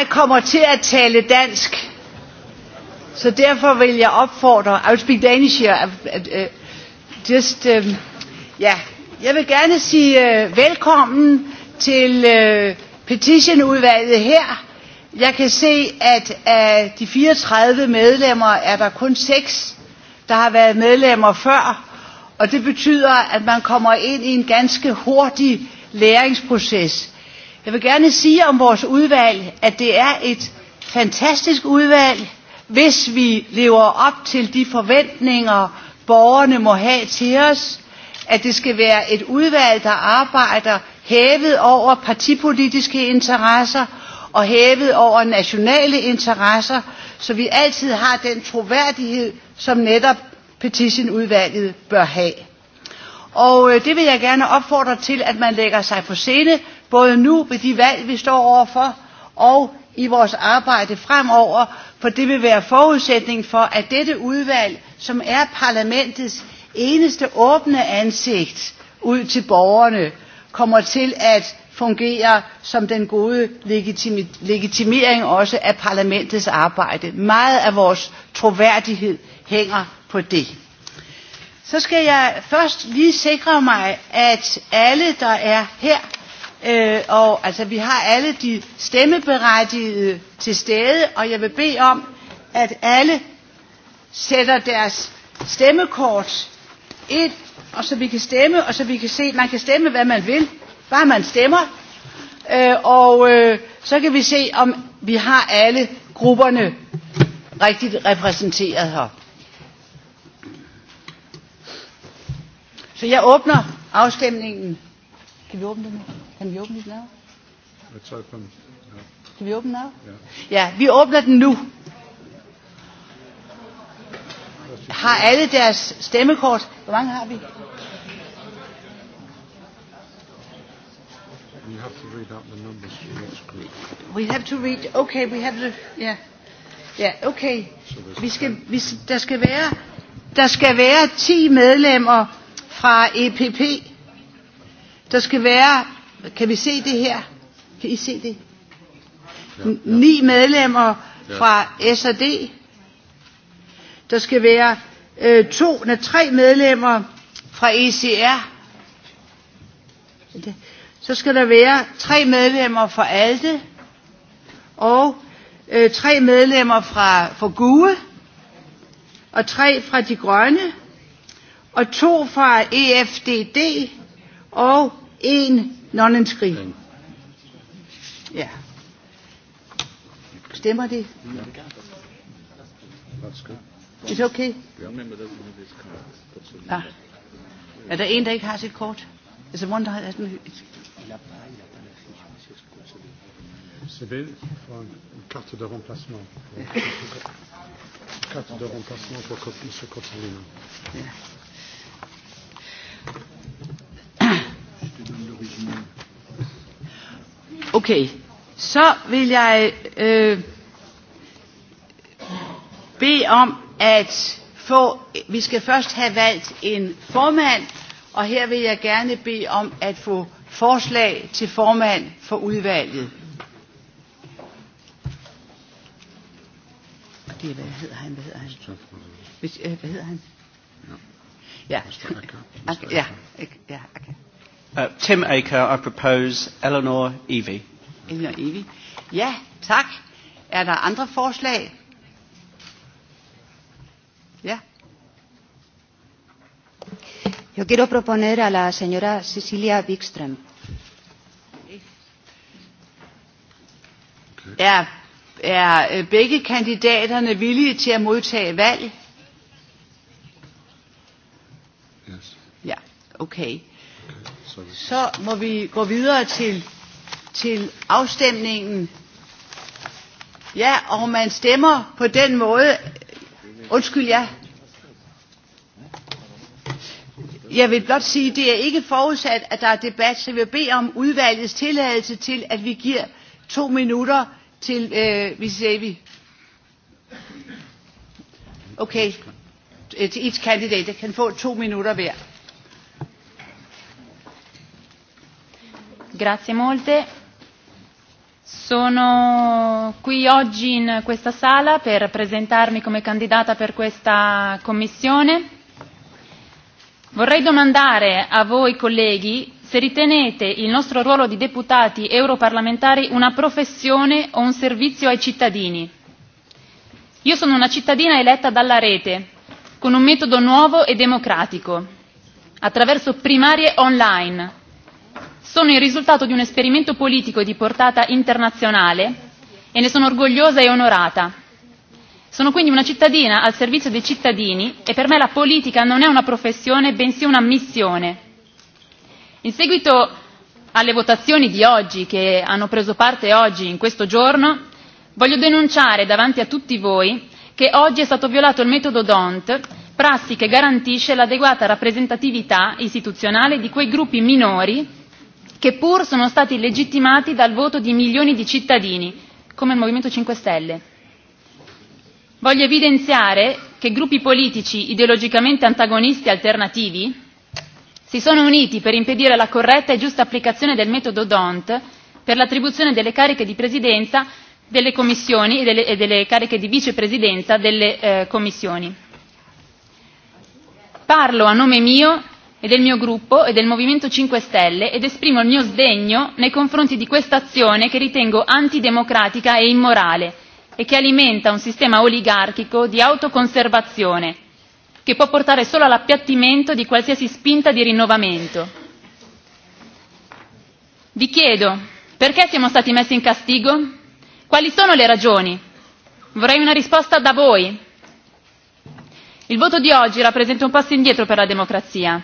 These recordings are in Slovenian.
jeg kommer til at tale dansk, så derfor vil jeg opfordre, I will speak Danish here, uh, just, um, ja, uh, yeah. jeg vil gerne sige uh, velkommen til uh, petitionudvalget her. Jeg kan se, at af de 34 medlemmer er der kun 6, der har været medlemmer før, og det betyder, at man kommer ind i en ganske hurtig læringsproces. Jeg vil gerne sige om vores udvalg, at det er et fantastisk udvalg, hvis vi lever op til de forventninger, borgerne må have til os, at det skal være et udvalg, der arbejder hævet over partipolitiske interesser og hævet over nationale interesser, så vi altid har den troværdighed, som netop petitionudvalget bør have. Og øh, det vil jeg gerne opfordre til, at man lægger sig på scene, både nu ved de valg, vi står overfor, og i vores arbejde fremover, for det vil være forudsætning for, at dette udvalg, som er parlamentets eneste åbne ansigt ud til borgerne, kommer til at fungere som den gode legitimi- legitimering også af parlamentets arbejde. Meget af vores troværdighed hænger på det. Så skal jeg først lige sikre mig, at alle, der er her, Øh, og altså, vi har alle de stemmeberettigede til stede, og jeg vil bede om, at alle sætter deres stemmekort ind, og så vi kan stemme, og så vi kan se, man kan stemme, hvad man vil, bare man stemmer. Øh, og øh, så kan vi se, om vi har alle grupperne rigtigt repræsenteret her. Så jeg åbner afstemningen. Kan vi åbne den nu? Can we open it now? Let's open. Yeah. Can we open now? Yeah, vi yeah, åbner den nu. Har alle deres stemmekort? Hvor mange har vi? We have to read out the numbers for each group. We have to read. Okay, we have to. Yeah. Ja, yeah, ja, okay. So vi skal, vi, der skal være der skal være 10 medlemmer fra EPP. Der skal være Kan vi se det her? Kan I se det? Ja. ja. Ni medlemmer ja. fra SAD. Der skal være øh, to, eller tre medlemmer fra ECR. Ja. Så skal der være tre medlemmer fra ALDE. Og øh, tre medlemmer fra, fra GUE. Og tre fra De Grønne. Og to fra EFDD. Og en Non inscrit. Ja. Stemmer de? Ja. Ja. Det er okay. Ah. Ja. Er der en, der ikke har sit kort? Altså, hvordan der er den? Sibylle, for en carte de remplacement. Carte de remplacement pour ce Ja. Okay, så vil jeg øh, bede om, at få, vi skal først have valgt en formand, og her vil jeg gerne bede om at få forslag til formand for udvalget. Det er, hvad hedder han? Hvad hedder han? Hvis, øh, hvad hedder han? Ja. Ja. Er, ja. Ja. Okay. Uh, Tim Aker, I propose Eleanor Evie. Eleanor Evie. Ja, tak. Er der andre forslag? Ja. Jeg quiero proponer a la señora Cecilia Wikström. Okay. Er, er øh, begge kandidaterne villige til at modtage valg? Yes. Ja, okay. Så må vi gå videre til, til afstemningen. Ja, og man stemmer på den måde. Undskyld, ja. Jeg vil blot sige, at det er ikke forudsat, at der er debat, så vi beder om udvalgets tilladelse til, at vi giver to minutter til øh, Miss Davy. Okay. Til each candidate. Jeg kan få to minutter hver. Grazie molte. Sono qui oggi in questa sala per presentarmi come candidata per questa commissione. Vorrei domandare a voi colleghi se ritenete il nostro ruolo di deputati europarlamentari una professione o un servizio ai cittadini. Io sono una cittadina eletta dalla rete, con un metodo nuovo e democratico, attraverso primarie online, sono il risultato di un esperimento politico di portata internazionale e ne sono orgogliosa e onorata. Sono quindi una cittadina al servizio dei cittadini e per me la politica non è una professione bensì una missione. In seguito alle votazioni di oggi che hanno preso parte oggi in questo giorno, voglio denunciare davanti a tutti voi che oggi è stato violato il metodo DONT, prassi che garantisce l'adeguata rappresentatività istituzionale di quei gruppi minori che pur sono stati legittimati dal voto di milioni di cittadini come il movimento cinque stelle. voglio evidenziare che gruppi politici ideologicamente antagonisti e alternativi si sono uniti per impedire la corretta e giusta applicazione del metodo d'hondt per l'attribuzione delle cariche di presidenza delle commissioni e delle, e delle cariche di vicepresidenza delle eh, commissioni. parlo a nome mio e del mio gruppo e del movimento cinque stelle ed esprimo il mio sdegno nei confronti di questa azione che ritengo antidemocratica e immorale e che alimenta un sistema oligarchico di autoconservazione che può portare solo all'appiattimento di qualsiasi spinta di rinnovamento. Vi chiedo perché siamo stati messi in castigo? Quali sono le ragioni? Vorrei una risposta da voi. Il voto di oggi rappresenta un passo indietro per la democrazia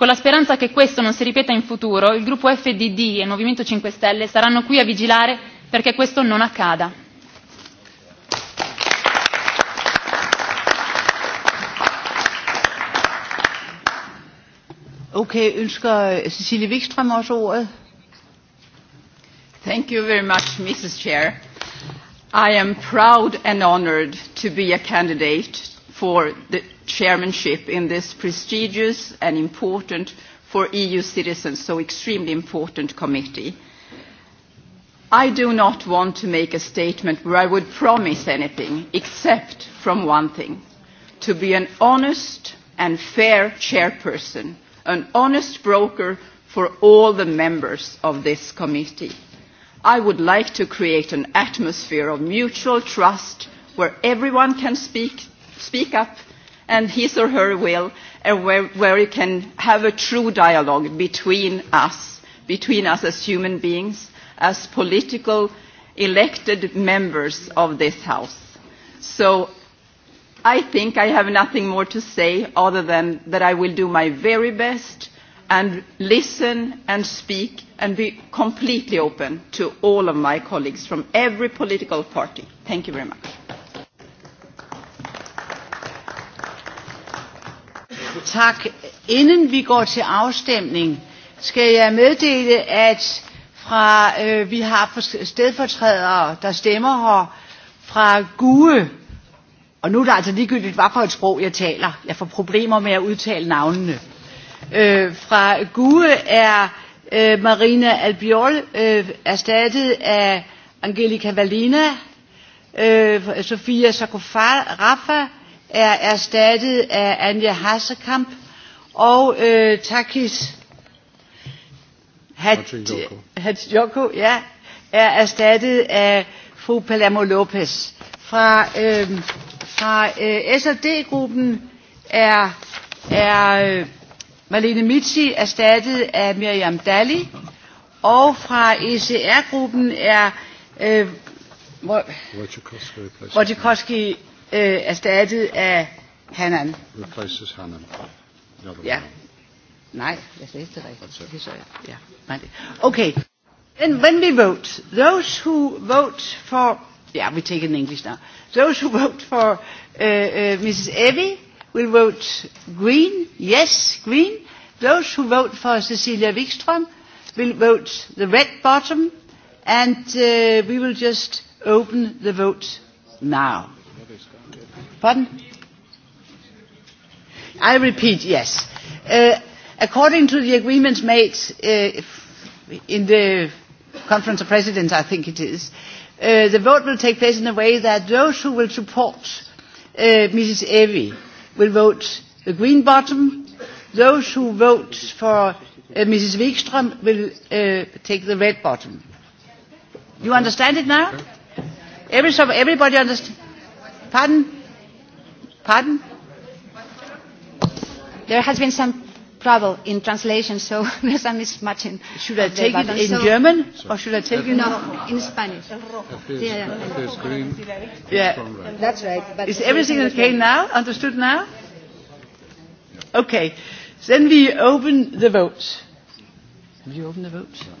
con la speranza che questo non si ripeta in futuro il gruppo efdd e il movimento cinque stelle saranno qui a vigilare perché questo non accada. Okay, ønsker Cecilie Wikstrøm også ordet? Thank you very much, Mrs. Chair. I am proud and honored to be a candidate for the chairmanship in this prestigious and important for EU citizens, so extremely important committee. I do not want to make a statement where I would promise anything except from one thing, to be an honest and fair chairperson, an honest broker for all the members of this committee. I would like to create an atmosphere of mutual trust where everyone can speak speak up and his or her will and where you can have a true dialogue between us, between us as human beings, as political elected members of this house. So I think I have nothing more to say other than that I will do my very best and listen and speak and be completely open to all of my colleagues from every political party. Thank you very much. Tak. Inden vi går til afstemning, skal jeg meddele, at fra, øh, vi har stedfortrædere, der stemmer her fra Gue. Og nu er det altså ligegyldigt, hvad for et sprog jeg taler. Jeg får problemer med at udtale navnene. Øh, fra Gue er øh, Marina Albiol øh, erstattet af Angelica Valina, øh, Sofia Sarkofa, Rafa, Rafa, er erstattet af Anja Hassekamp og øh, Takis Hatsjoko ja, er erstattet af fru Palermo Lopez. Fra, øh, fra øh, SRD-gruppen er, er øh, Marlene Mitzi erstattet af Miriam Dalli, og fra ECR-gruppen er øh, Wojciechowski øh, erstattet af Hanan. Replaces Hanan. Ja. Nej, jeg sagde det rigtigt. Det sagde jeg. Ja. Okay. And when we vote, those who vote for... Yeah, ja, we take it in English now. Those who vote for uh, øh, uh, øh, Mrs. Evie will vote green. Yes, green. Those who vote for Cecilia Wikström will vote the red bottom. And uh, we will just open the vote now. Pardon? I repeat, yes. Uh, according to the agreements made uh, in the Conference of Presidents, I think it is, uh, the vote will take place in a way that those who will support uh, Mrs. Evi will vote the green bottom, those who vote for uh, Mrs. Wikström will uh, take the red bottom. You understand it now? Every, so everybody understands? pardon pardon there has been some trouble in translation so there's some mismatching should i uh, take it uh, in so german or should i take it no, in spanish yeah. yeah that's right but is everything okay now understood now okay then we open the votes we open the votes yeah.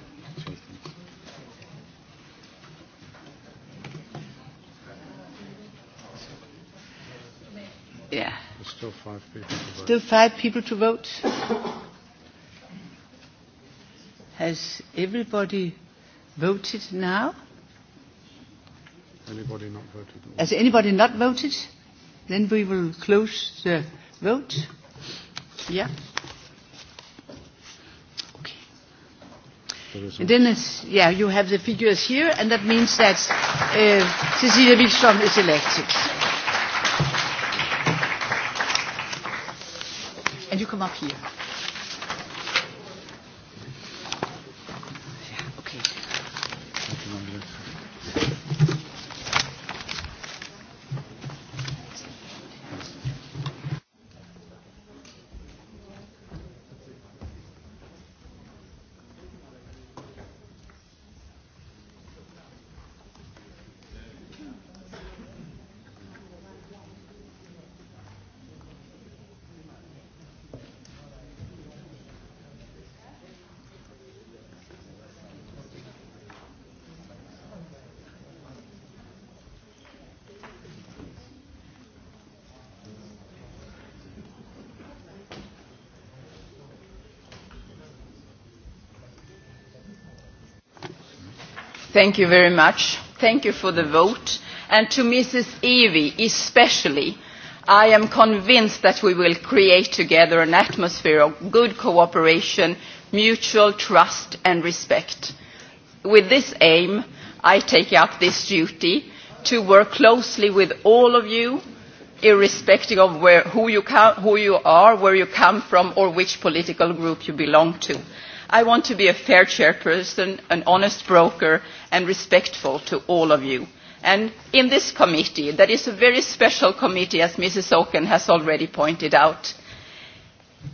Yeah. There's still five people to vote. Still five people to vote. Has everybody voted now? Anybody not voted? At all? Has anybody not voted? Then we will close the vote. Yeah. And no then, yeah, you have the figures here, and that means that uh, Cecilia Wikström is elected. come up here. thank you very much thank you for the vote and to mrs evi especially i am convinced that we will create together an atmosphere of good cooperation mutual trust and respect. with this aim i take up this duty to work closely with all of you irrespective of where, who, you who you are where you come from or which political group you belong to i want to be a fair chairperson an honest broker and respectful to all of you and in this committee that is a very special committee as ms auken has already pointed out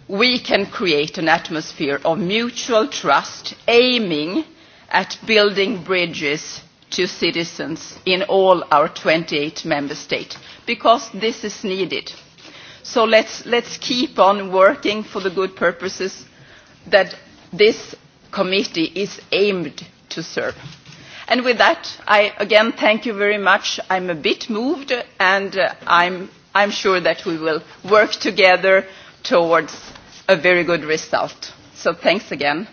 we can create an atmosphere of mutual trust aiming at building bridges to citizens in all our twenty eight member states because this is needed. so let us keep on working for the good purposes that this committee is aimed to serve. With that, I again thank you very much. I'm a bit moved, and uh, I'm, I'm sure that we will work together towards a very good result. So thanks again.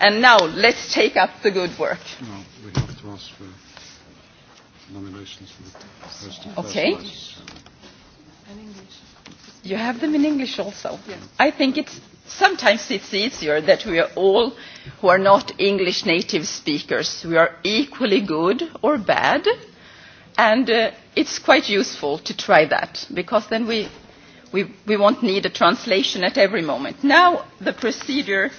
And now let's take up the good work. Well, no, we have to ask for nominations for the first of Okay. First you have them in English also. Yes. I think it's sometimes it is easier that we are all who are not english native speakers we are equally good or bad and uh, it is quite useful to try that because then we, we, we won't need a translation at every moment. now the procedure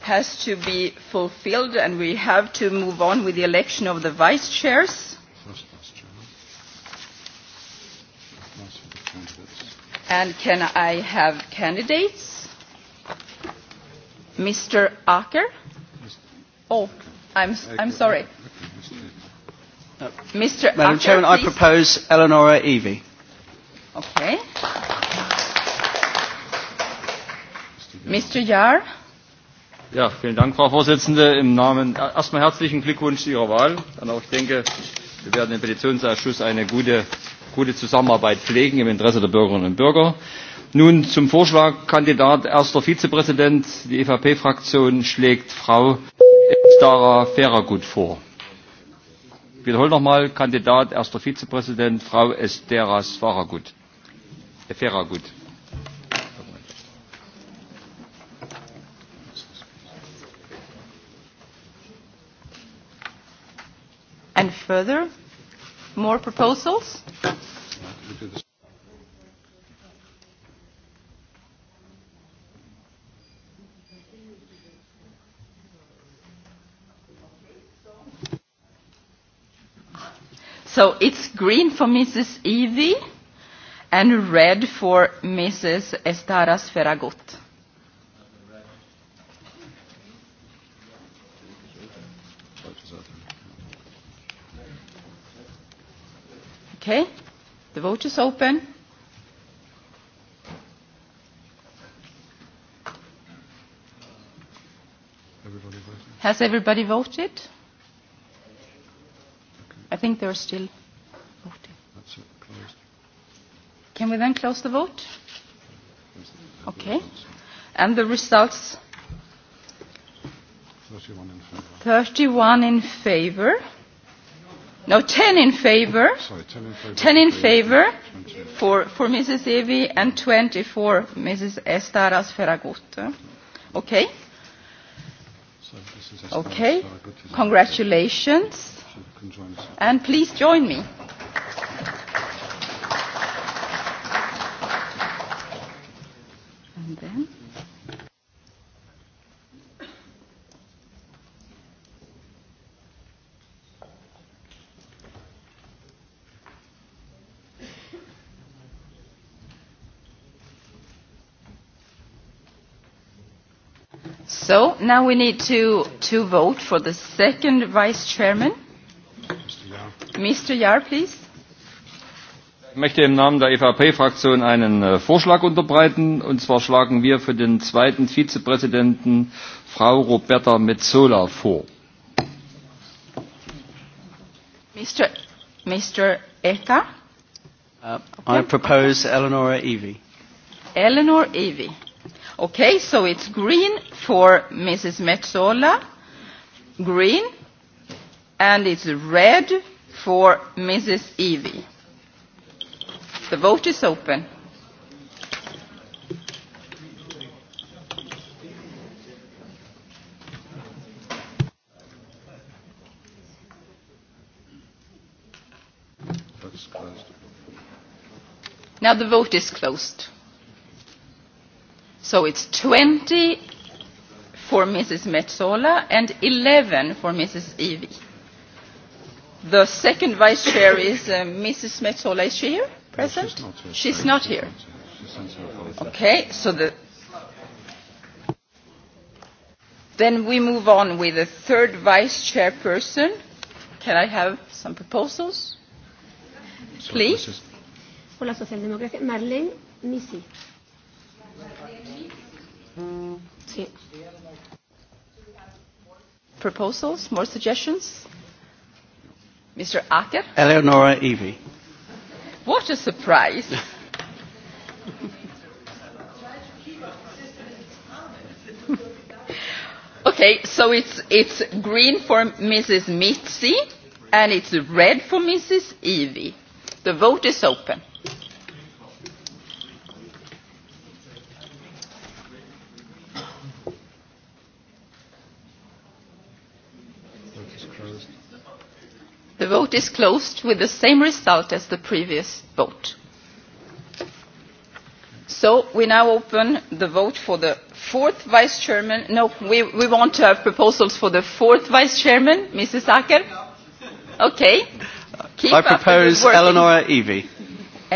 has to be fulfilled and we have to move on with the election of the vice chairs. And can I have candidates? Oh, madam president i propose eleonora evi. Ja, frau präsidentin! Äh, erst einmal herzlichen glückwunsch zu ihrer wahl. ich denke wir werden im petitionsausschuss eine gute zusammenarbeit pflegen im interesse der bürgerinnen und bürger nun zum Vorschlag Kandidat erster Vizepräsident. Die EVP Fraktion schlägt Frau Stara Ferragut vor. Ich wiederhole nochmal Kandidat erster Vizepräsident Frau Esteras Ferragut. Äh, Ferragut. And further, more proposals? Okay. So it's green for Mrs. Evie and red for Mrs. Estaras Ferragut. Okay, the vote is open. Everybody Has everybody voted? I think there are still voting. That's it. Closed. Can we then close the vote? Okay. And the results? 31 in favour. 31 in favour. No, 10 in favour. Oh, sorry, 10 in favour. 10 in favour for, for Mrs. Evi and 20 for Mrs. Estaras Ferragutte. Okay. So this is Estaras okay. Ferragut, Congratulations. It? can join us. And please join me. And then. So now we need to, to vote for the second vice chairman ich möchte im namen der evp fraktion einen äh, vorschlag unterbreiten und zwar schlagen wir für den zweiten vizepräsidenten frau roberta metsola vor. Uh, i propose eleanor evi. eleanor evi. okay, so it's green for mrs. metsola. green. and it's red for mrs evi. the vote is open. now the vote is closed. so it's 20 for mrs. metzola and 11 for mrs. evi the second vice chair is uh, mrs metzola is she here no, present no, she's not here, she's not here. She's okay so the then we move on with the third vice chairperson can i have some proposals please for the social democrats marlene missy proposals more suggestions mr acker eleonora evi what a surprise okay so it's it's green for mrs mizzi and it's red for mrs evi the vote is open. is closed with the same result as the previous vote. So we now open the vote for the fourth vice chairman. No, we, we want to have proposals for the fourth vice chairman, Mrs. Acker. Okay. Keep I propose Eleanor Evie.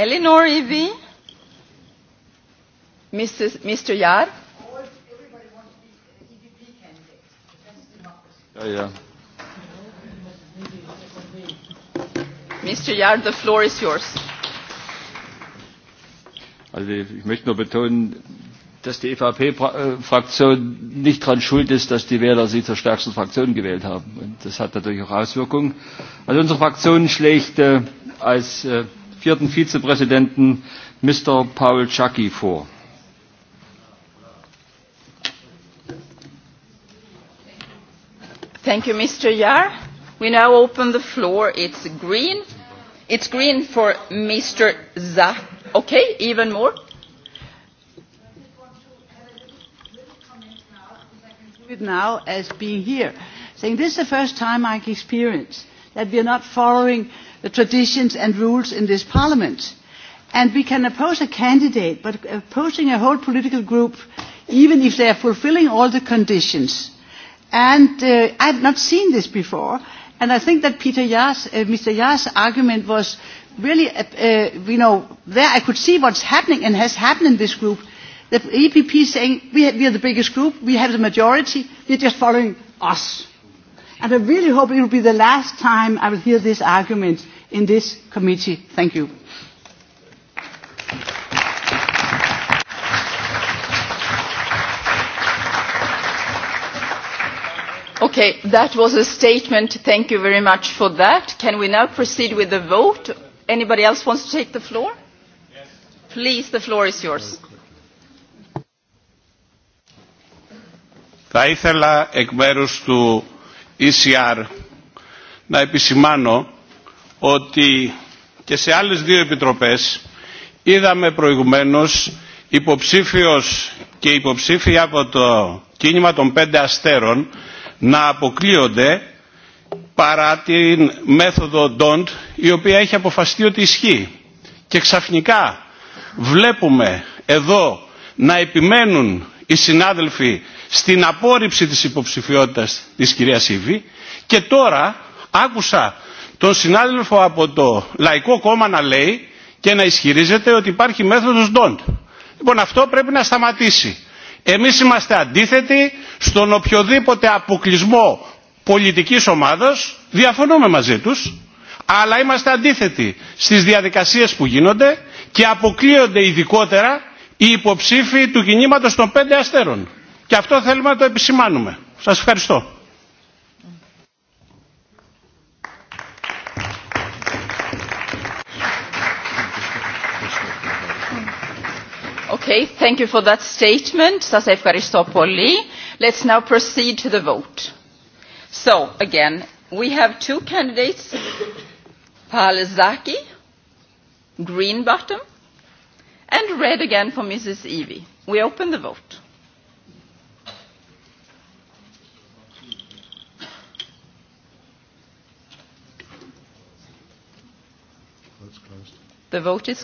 Eleanor Evie. Mrs. Mr. Yar. E oh, yeah. ich möchte nur betonen dass die evp fraktion nicht daran schuld ist dass die wähler sie zur stärksten fraktion gewählt haben. Und das hat natürlich auch auswirkungen. Also unsere fraktion schlägt äh, als äh, vierten vizepräsidenten mr. paul Chucky vor. Thank you, Mr. Yar. We now open the floor. It's green it is green for mr zach okay even more. now as being here saying this is the first time i experience that we are not following the traditions and rules in this parliament and we can oppose a candidate but opposing a whole political group even if they are fulfilling all the conditions and uh, i have not seen this before And I think that Peter Yar's, uh, Mr. Yar's argument was really, uh, uh, you know, there I could see what's happening and has happened in this group. The EPP saying, we, have, we are the biggest group, we have the majority, we're just following us. And I really hope it will be the last time I will hear this argument in this committee. Thank you. okay that was a statement thank you very much for that can we now proceed with the vote anybody else wants to take the floor please the floor is yours θα ήθελα εκ μέρους του ECR να επισημάνω ότι και σε άλλες δύο επιτροπές είδαμε προηγουμένως υποψήφιος και υποψήφια από το κίνημα των πέντε αστέρων να αποκλείονται παρά την μέθοδο DONT η οποία έχει αποφαστεί ότι ισχύει. Και ξαφνικά βλέπουμε εδώ να επιμένουν οι συνάδελφοι στην απόρριψη της υποψηφιότητας της κυρίας Ιβή και τώρα άκουσα τον συνάδελφο από το Λαϊκό Κόμμα να λέει και να ισχυρίζεται ότι υπάρχει μέθοδος DONT. Λοιπόν αυτό πρέπει να σταματήσει. Εμείς είμαστε αντίθετοι στον οποιοδήποτε αποκλεισμό πολιτικής ομάδας, διαφωνούμε μαζί τους, αλλά είμαστε αντίθετοι στις διαδικασίες που γίνονται και αποκλείονται ειδικότερα οι υποψήφοι του κινήματος των πέντε αστέρων. Και αυτό θέλουμε να το επισημάνουμε. Σας ευχαριστώ. thank you for that statement sasef karistopoli. let us now proceed to the vote. so again we have two candidates palazaki green bottom and red again for mrs evie. we open the vote. The vote is